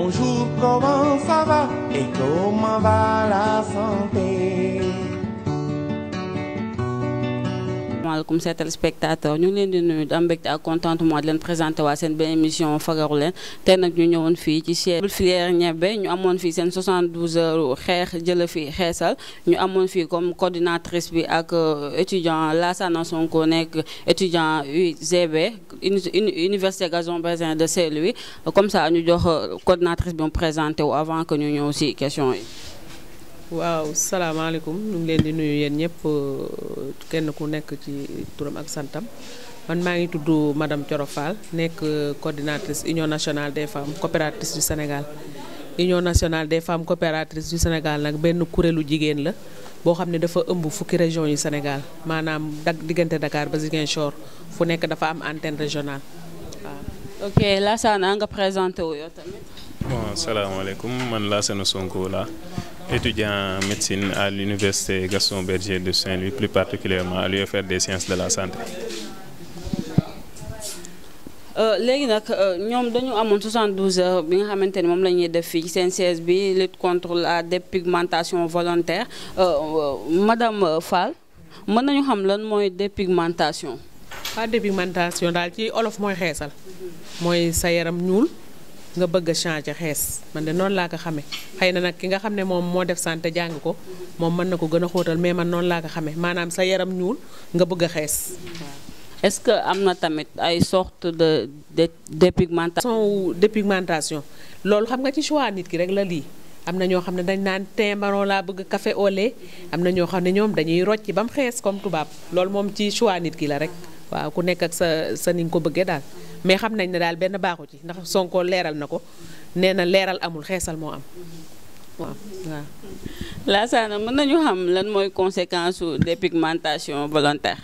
Bonjour, comment et comment la santé comme seet spectateur ñu ngi leen di nuyu am mbégte ak contentement di leen présenté waa seen benn émission fagaru leen nag ñu ñëwoon fii ci chef filière ñebe ñu amoon fii seen 72 heures xeex jële fi xeesal ñu amoon fii comme coordinatrice bi ak euh, étudiant Lassana Sonko nekk étudiant UGB université Gaston Berger de saint wi comme ça ñu jox euh, coordinatrice bi mu présenté wu avant que ñu ñëw si question yi waaw salaamaaleykum mu ngi leen di nuyu yéen ñëpp euh, kenn ku nekk ci turam ak santam man maa ngi tudd madam Thioro nekk euh, coordinatrice union nationale des femmes coopératrices du Sénégal union nationale des femmes coopératrices du Sénégal nag benn kuréelu jigéen la boo xam ne dafa ëmb fukki région yu Sénégal maanaam dag diggante Dakar ba Ziguinchor fu nekk dafa am antenne régionale waaw. ok Lassana nga présenté wu tamit. bon salaamaaleykum man Lassana Sonko laa. étudiant en médecine à l'université Gaston Berger de Saint-Louis, plus particulièrement à l'UFR des sciences de la santé. Euh, léegi nag euh, ñoom dañu amoon 72 heures bi nga xamante ni moom la ñuy def fii seen siège bi lutte contre la dépigmentation volontaire euh, madame Fall mën nañu xam lan mooy dépigmentation. pas dépigmentation daal ci olof mooy xeesal. mooy sa yaram ñuul. nga bëgg a changer xees man de noonu laa ko xamee xëy na nag ki nga xam ne moom moo def santé jàng ko moom mën na ko gën a xóotal mais man noonu laa ko xamee maanaam sa yaram ñuul nga bëgg a xees est-ce que am na tamit ay sorte de de dépigmentation dépigmentation loolu xam nga ci choix nit ki rek la lii am na ñoo xam ne dañ naan teint laa bëgg kafe au lait am na ñoo xam ne ñoom dañuy rocci ba mu xees comme tubaab loolu moom ci choix nit ki la rek waaw ku nekk ak sa sa ni nga ko bëggee daal mais xam nañ ne daal benn baaxu ci ndax sonkoo leeral na ko nee na leeral amul xeesal moo am waaw waaw. mën nañu xam lan mooy conséquence su dépigmentation volontaire.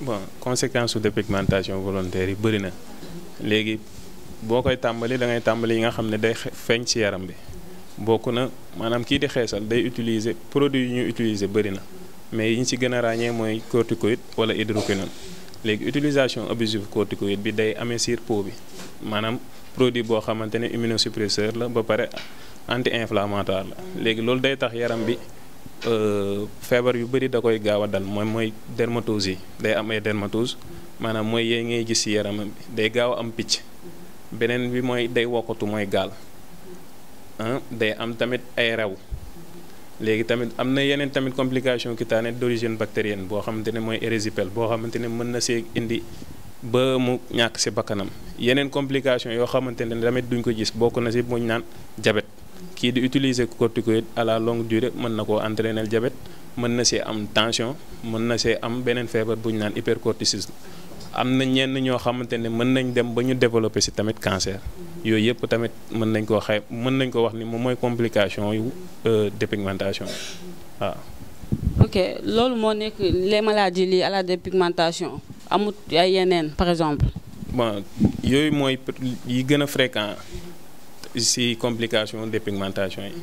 bon conséquence su dépigmentation volontaire yi bëri na léegi boo koy tàmbali da tàmbali yi nga xam ne day feeñ ci yaram bi bokk na maanaam kii di xeesal day utiliser produit yu ñuy utiliser bëri na mais yi ñu ci gën a ràññee mooy corticoïde wala hydroquinone. léegi utilisation abusive corticoïde bi day amee sir peau bi maanaam produit boo xamante ne immunosuppresseur la ba pare anti inflammatoire la léegi loolu day tax yaram bi euh, feebar yu bëri da koy gaaw a dal moom mooy dermatose yi day am ay dermatose maanaam mooy yee ngay gis si yaramam bi day gaaw am picc beneen bi mooy day wokkatu mooy gaal day am tamit ay rew léegi tamit am na yeneen tamit complication cutanée d'origine bactérienne boo xamante ne mooy érysipèle boo xamante ne mën na see indi ba mu ñàkk si bakkanam yeneen complication yoo xamante ne tamit duñ ko gis bokk na si muñ naan diabète kii di utiliser corticoïde à la longue dure mën na koo entraîner diabète mën na see am tension mën na see am beneen feebar bu ñu naan hypercorticisme am na ñenn ñoo xamante ne mën nañ dem ba ñu développer si tamit cancer yooyu yëpp tamit mën nañ koo xay mën nañ ko wax ni moom mooy complication yu euh, dépigmentation waaw. ok loolu moo nekk les maladies liées à la dépigmentation amut ay yeneen par exemple. yooyu mooy yi gën a fréquent si complication dépigmentation yi.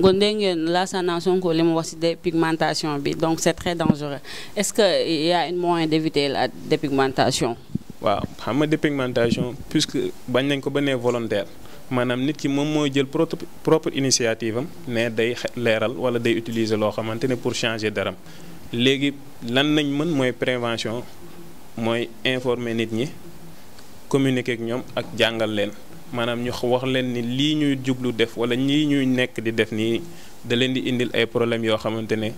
gondé ngeen laasana Sonko li mu wax ci dépigmentation bi donc c'est très dangereux est-ce que y a un moyen d'éviter la dépigmentation. waaw xam nga dépigmentation puisque bañ nañ ko ba ne volontaire maanaam nit ki moom mooy jël propre initiative am ne day xe leeral wala day utiliser loo xamante ne pour changer dara léegi lan nañ mën mooy prévention mooy informer nit ñi. communiquer ak ñoom ak jàngal leen maanaam ñu wax leen ni lii ñuy jublu def wala lii ñuy nekk di def nii da leen di indil ay problèmes yoo xamante ne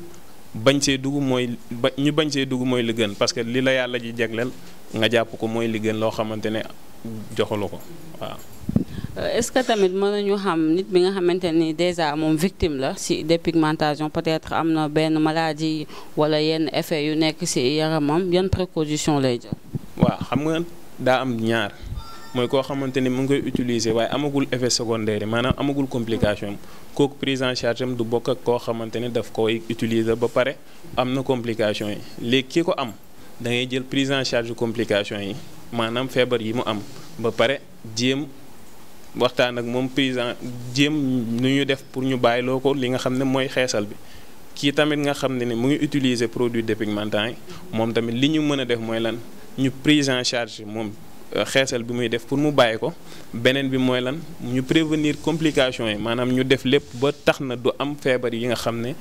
bañ see dugg mooy ba ñu bañ see dugg mooy li gën parce que li la yàlla ji jagleel nga jàpp ko mooy li loo xamante ne joxalu ko waaw. Euh, est-ce que tamit mën nañu xam nit bi nga xamante nii déjà moom victime la ci dépigmentation peut-être am na benn maladie walla yenn effet yu nekk ci yaramam yan précaution lay jël. daa am ñaar mooy koo xamante ni mu ngi koy utiliser waaye amagul effet secondaire yi maanaam amagul complication kooku prise en charge am du bokk ak koo xamante ne daf koy utiliser ba pare am na complication yi léegi ki ko am da ngay jël prise en charge complication yi maanaam feebar yi mu am ba pare jéem waxtaan ak moom prise en jéem nu ñu def pour ñu bàyyiloo ko li nga xam ne mooy xeesal bi kii tamit nga xam ne ni mu ngi utiliser produit dépigmentant yi moom tamit li ñu mën a def mooy lan ñu prise en charge moom euh, xeesal bi muy def pour mu bàyyi ko beneen bi mooy lan ñu prévenir complications yi maanaam ñu def lépp ba tax na du am feebar yi nga xam ne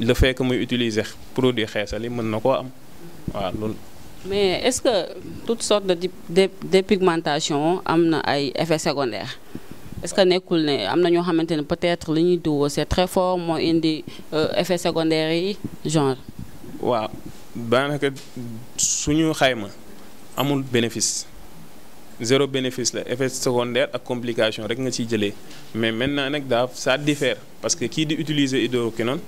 le fait que muy utiliser produit xeesal yi mën na koo am waaw loolu. mais est-ce que toute sorte de dépigmentation am na ay effets secondaires. est-ce que nekkul ne am na ñoo xamante ne peut-être li ñuy diwoo c'est très fort moo indi euh, effets secondaires yi genre. waaw daanaka suñu xayma. amul bénéfice zéro bénéfice la effet secondaire ak complication rek nga ciy jëlee mais maintenant nag daa ça diffère parce que kii di utiliser hydroquinone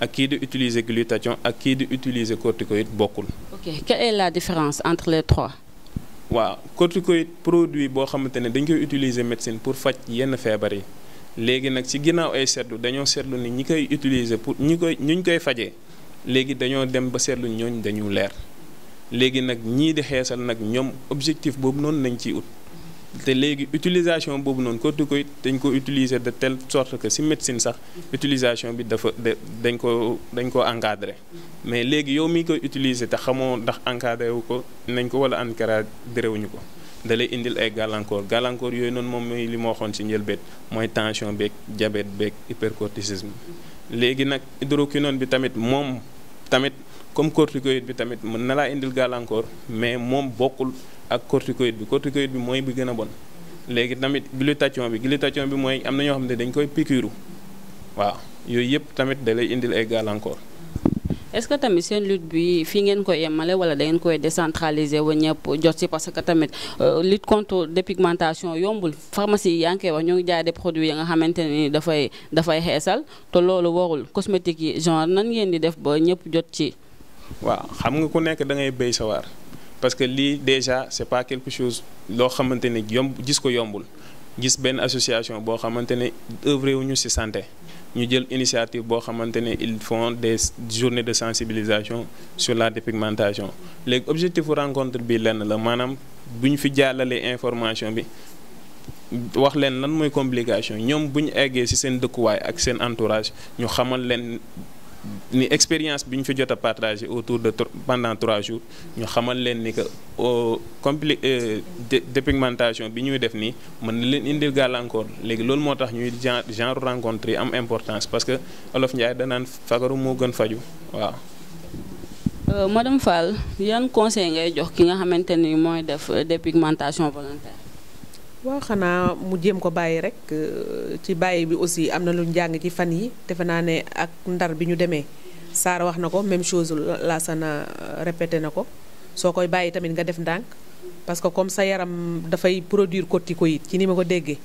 ak ki di utiliser glutathion ak kii di utiliser corticoïde bokkul. ok quelle est la différence entre les trois. waaw corticoïde produit boo xamante ne dañ koy utiliser médecine pour faj yenn feebar yi léegi nag ci ginnaaw ay seetlu dañoo seetlu ni ñi koy utiliser pour ñi koy ñu koy fajee léegi dañoo dem ba seetlu ñooñ dañu leer. léegi nag ñii di xeesal nag ñoom objectif boobu noonu nañ ci ut te léegi utilisation boobu noonu corticoïde dañ ko utiliser de telle sorte que si médecine sax utilisation bi dafa dañ ko dañ ko encadré mais léegi yow mi koy utiliser te xamoo ndax encadré wu ko nañ ko wala encadré wuñu ko da lay indil ay gàllankoor gàllankoor yooyu noonu moom mooy li ma waxoon si njëlbeen mooy tension beeg diabète beek hypercorticisme léegi nag hydroquinone bi tamit moom tamit. comme corticoïde bi tamit mën na laa indil gàllankoor mais moom bokkul ak corticoïde bi corticoïde bi mooy bi gën a bon léegi tamit glutathion bi glutathion bi mooy am na ñoo xam ne dañ koy piqûre waaw yooyu yëpp tamit da lay indil ay gàllankoor. est-ce que tamit seen lutte bi fii ngeen koy yemale wala da ngeen koy décentraliser wa ñëpp jot ci parce que tamit euh, lutte contre dépigmentation yombul pharmacie yi yaa ngi koy wax ñu ngi jaay des produits yi nga xamante ne ni dafay dafay xeesal te loolu warul cosmétique yi genre nan ngeen di def ba ñëpp jot ci. waaw xam nga ku nekk da ngay béy sa parce que lii déjà c'est pas quelque chose loo xamante ne yomb gis ko yombul gis benn association boo xamante ne œuvré ñu ci santé ñu jël initiative boo xamante ne ils font des journées de sensibilisation sur la dépigmentation léegi objectif rencontre bi lenn la maanaam bu ñu fi jàllalee information bi wax leen lan mooy complication ñoom bu ñu eggee ci seen dëkkuwaay ak seen entourage ñu xamal leen ni expérience bi ñu fi jot a partagé autour de pendant trois jours ñu xamal leen ni que compli euh, dépigmentation bi ñuy def nii mën na leen indil gàllankoor léegi loolu moo tax ñuy genre rencontre yi am importance parce que Olof Ndiaye danaan fagaru moo gën faju waaw. Euh, madame Fall yan conseil ngay jox ki nga xamante ni mooy def euh, dépigmentation volontaire. waaw xanaa mu jéem ko bàyyi rek euh, ci bàyyi bi aussi am na lu njàng ci fan yi defe naa ne ak ndar bi ñu demee Saara wax na ko même chose Lassana euh, répété na ko soo koy bàyyi tamit nga def ndànk parce que comme sa yaram dafay produire corticoïde ci ni ma ko déggee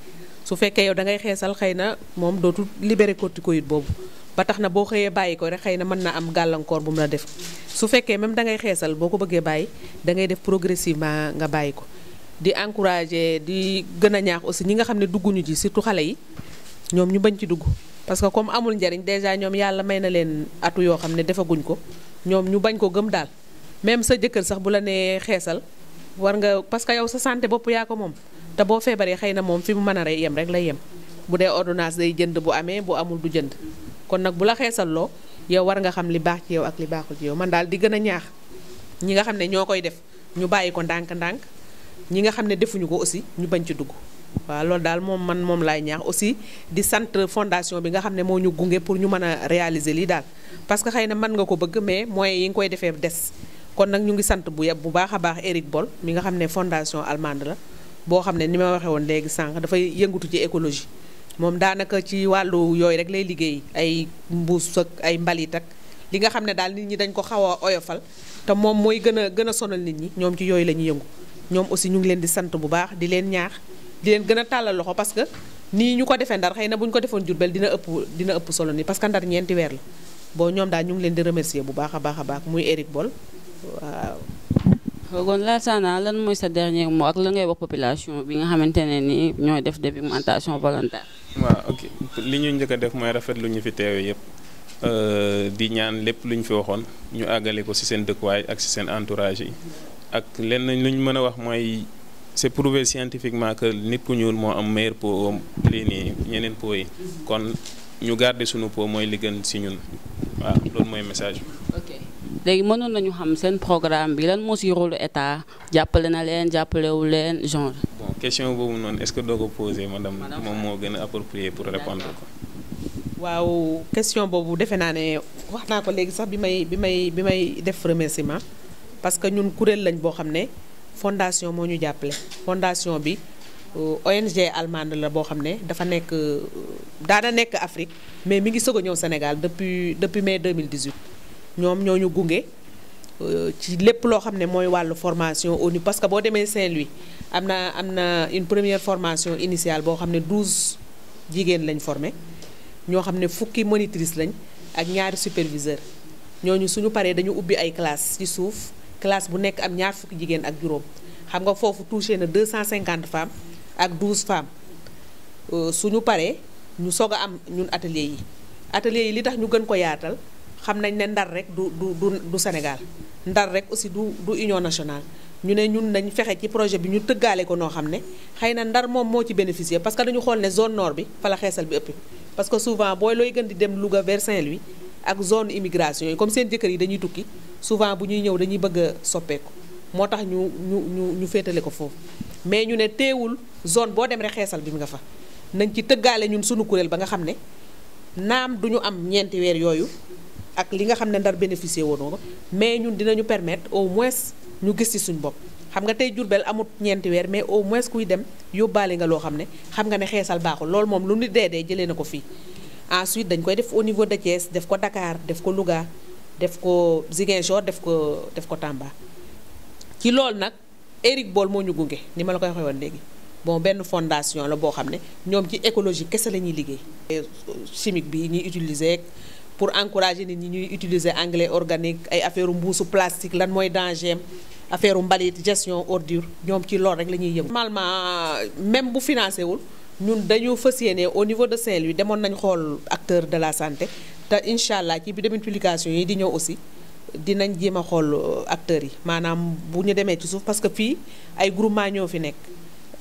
su fekkee yow da ngay xeesal xëy na moom dootul libérer corticoïde boobu ba tax na boo xëyee bàyyi ko rek xëy na mën na am gàllankoor bu mu la def su fekkee même da ngay xeesal boo ko bëggee bàyyi da ngay def nga bàyyi ko di encourager di gën a ñaax aussi ñi nga xam ne dugg dugguñu ci surtout xale yi ñoom ñu bañ ci dugg parce que comme amul njariñ déjà ñoom yàlla may na leen atu yoo xam ne defaguñ ko ñoom ñu bañ ko gëm daal même sa jëkkër sax bu la nee xeesal war nga parce que yow sa sante bopp yaa ko moom te boo feebaree xëy na moom fi mu mën a rey yem rek lay yem bu dee ordonnance day jënd bu amee bu amul du jënd kon nag bu la xeesal loo yow war nga xam li baax ci yow ak li baaxul ci yow man daal di gën a ñaax ñi nga xam ne ñoo koy def ñu bàyyi ko ndànk-ndànk ñi nga xam ne defuñu ko aussi ñu bañ ci dugg waaw loolu daal moom man moom laay ñaax aussi di sant fondation bi nga xam ne moo ñu gunge pour ñu mën a réaliser li daal parce que xëy na mën nga ko bëgg mais moyens yi nga koy defee des kon nag ñu ngi sant bu yeb bu baax a baax Eric Bol mi nga xam ne fondation allemande la boo xam ne ni ma waxee woon léegi sànq dafay yëngatu ci écologie moom daanaka ci wàllu yooyu rek lay liggéey ay mbuus ak ay mbalit ak li nga xam ne daal nit ñi dañ ko xaw a oyofal te moom mooy gën a gën a sonal nit ñi ñoom ci yooyu la ñuy yëngu ñoom aussi ñu ngi leen di sant bu baax di leen ñaax di leen gën a tàllal loxo parce que nii ñu ko defee ndar xëy na bu ñu ko defoon Jurbel dina ëpp dina ëpp solo nii parce que ndar ñeenti weer la bon ñoom daal ñu ngi leen di remercier bu baax a baax a baax muy Eric Bol waaw. kon Lassana lan mooy sa dernier moo ak la ngay wax population bi nga xamante ne nii ñooy def dépigmentation volontaire. waaw ok li ñu njëkk a def mooy rafet lu ñu fi teewee yëpp. Euh, di ñaan lépp lu ñu fi waxoon ñu àggale ko ci seen dëkkuwaay ak ci seen entourage yi. ak lenn lu ñu mën a wax mooy c'est prouvé scientifiquement que nit ku ñuul moo am meilleur peau lii nii ñeneen peau yi kon ñu garder sunu po mooy li gën si ñun waaw loolu mooy message bi. ok léegi mënoon nañu xam seen programme bi lan moo si rôle état jàppale na leen jàppalewul leen genre. bon question boobu noonu est-ce que doo ko posé madame moom moo gën a approprié pour répondre ko. waaw question boobu defe naa ne wax naa ko léegi sax bi may bi may def remerciement. parce que ñun kuréel lañ boo xam ne fondation moo ñu jàppale fondation bi euh, ONG allemande la boo xam ne dafa nekk euh, daana nekk Afrique mais mi ngi soog a ñëw Sénégal depuis depuis mai 2018 ñoom ñoo ñu gunge euh, ci lépp loo xam ne mooy wàllu formation ONU parce que boo demee Saint-Louis am na am na une première formation initiale boo xam ne douze jigéen lañ formé ñoo xam ne fukki monitrice lañ ak ñaari superviseur ñooñu suñu paree dañu ubbi ay classe ci suuf classe bu nekk am ñaar fukki jigéen ak juróom xam nga foofu touché na deux 250 femmes ak 12 femmes euh, suñu paree ñu soog a am ñun atelier yi atelier yi li tax ñu gën ko yaatal xam nañ ne ndar rek du du du du Sénégal ndar rek aussi du du union nationale ñu ne ñun nañ fexe ci projet bi ñu tëggaale ko noo xam ne xay na ndar moom moo ci bénéficier parce que dañu xool ne zone nord bi fa la xeesal bi ëpp parce que souvent booy looy gën di dem Louga vers saint ak zone immigration yi comme seen jëkkër yi dañuy tukki souvent bu ñuy ñëw dañuy bëgg soppeeku moo tax ñu ñu ñu ñu féetale ko foofu mais ñu ne teewul zone boo dem rek xeesal bi mu nga fa nañ ci tëggaale ñun sunu kuréel ba nga xam ne naam du ñu am ñeenti weer yooyu ak li nga xam ne ndar bénéficier woonoo ko mais ñun dinañu permettre au moins ñu gis ci suñ bopp xam nga tey Jurbel amut ñeenti weer mais au moins kuy dem yóbbaale nga loo xam ne xam nga ne xeesal baaxul loolu moom lu nit dee dee jëlee na ko fii ensuite dañ koy def au niveau de Thiès def ko Dakar def ko Louga def ko Ziguinchor def ko def ko Tamba ci loolu nag Eric Boll moo ñu gunge ni ma la koy waxee woon léegi bon benn fondation la boo xam ne ñoom ci écologie kese la ñuy liggéey. chimique bi ñuy utiliser pour encourager nit ñi ñuy utiliser engrais organique ay affaire mbuusu plastique lan mooy danger affaire mbalit gestion ordure ñoom ci loolu rek la ñuy yëngu. normalement même bu financé wul ñun dañu fas yéene au niveau de Saint-Louis demoon nañu xool acteur de la santé. te incha allah ci bi demee publication yi di ñëw aussi dinañ jéem a xool euh, acteurs yi maanaam bu ñu demee ci suuf parce que fii ay groupement ñoo fi nekk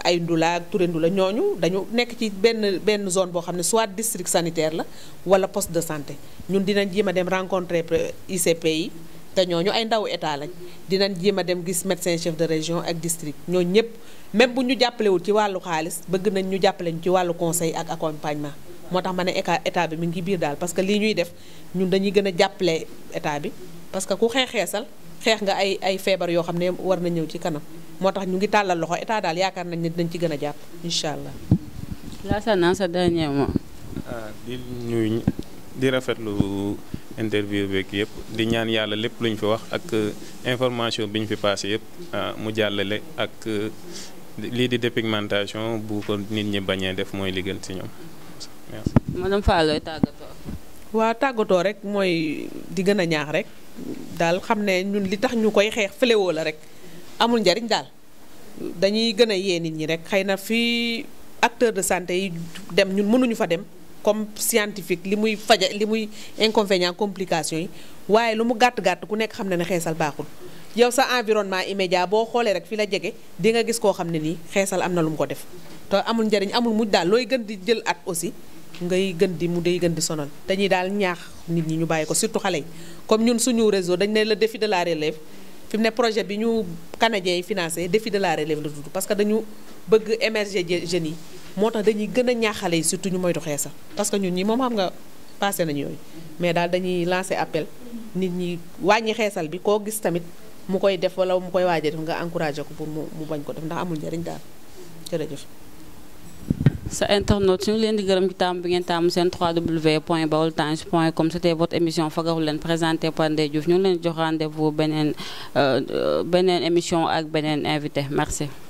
ay ndula ak ture ndula ñooñu dañu nekk ci benn benn zone boo xam ne soit district sanitaire la wala poste de santé ñun dinañ jéem dem rencontrer ICP yi te ñooñu ay ndaw état lañ dinañ jéem a dem gis médecin chef de région ak district ñooñu ñëpp même bu ñu jàppalewul ci wàllu xaalis bëgg nañ ñu jàppale ñu ci wàllu conseil ak accompagnement moo tax ma ne état bi mi ngi biir daal parce que lii ñuy def ñun dañuy gën a jàppale état bi parce que ku xeex xeesal xeex nga ay ay feebar yoo xam ne war na ñëw ci kanam moo tax ñu ngi tàllal loxo état daal yaakaar nañ ne dañ ci gën a jàpp incha allah. laasanaa sa dernier mot. Ah, di ñuy di rafetlu interview beeg yëpp di ñaan yàlla lépp lu ñu fi wax ak euh, information bi ñu fi passé yëpp ah, mu jàllale ak euh, lii di dépigmentation bu ko nit ñi bañee def mooy li gën ci ñoom. madame Fall looy tàggatoo. waa tàggatoo rek mooy di gën a ñaax rek daal xam ne ñun li tax ñu koy xeex fléau la rek amul njariñ daal dañuy gën a yee nit ñi rek xëy na fii acteur de santé yi dem ñun mënuñu fa dem comme scientifique li muy faja li muy inconvénient complication yi waaye lu mu gàtt gàtt ku nekk xam ne ne xeesal baaxul yow sa environnement immédiat boo xoolee rek fi la jege dinga gis koo xam ne nii xeesal am na lu mu ko def te amul njariñ amul mujj daal looy gën di jël at aussi ngay gën di mu day gën di sonal dañuy daal ñaax nit ñi ñu bàyyi ko surtout xale yi comme ñun suñu réseau dañ ne la défi de la relève fi mu ne projet bi ñu canadiens yi financé défi de la relève la tudd parce que dañu bëgg émerger jeunes yi moo tax dañuy gën a ñaax xale yi surtout ñu moytu xeesa parce que ñun ñi moom xam nga passé nañu yooyu mais daal dañuy lancer appel nit ñi wàññi xeesal bi koo gis tamit mu koy def wala mu koy waaj a def nga encouragé ko pour mu mu bañ ko def ndax amul njëriñ daal jërëjëf. sa internaute ñu leen di gërëm ci taamu bi ngeen taamu seen 3w point baol times point com c'était votre émission fagaru leen présenté par Ndeye Diouf ñu ngi leen jox rendez beneen euh, euh, beneen émission ak beneen invité merci.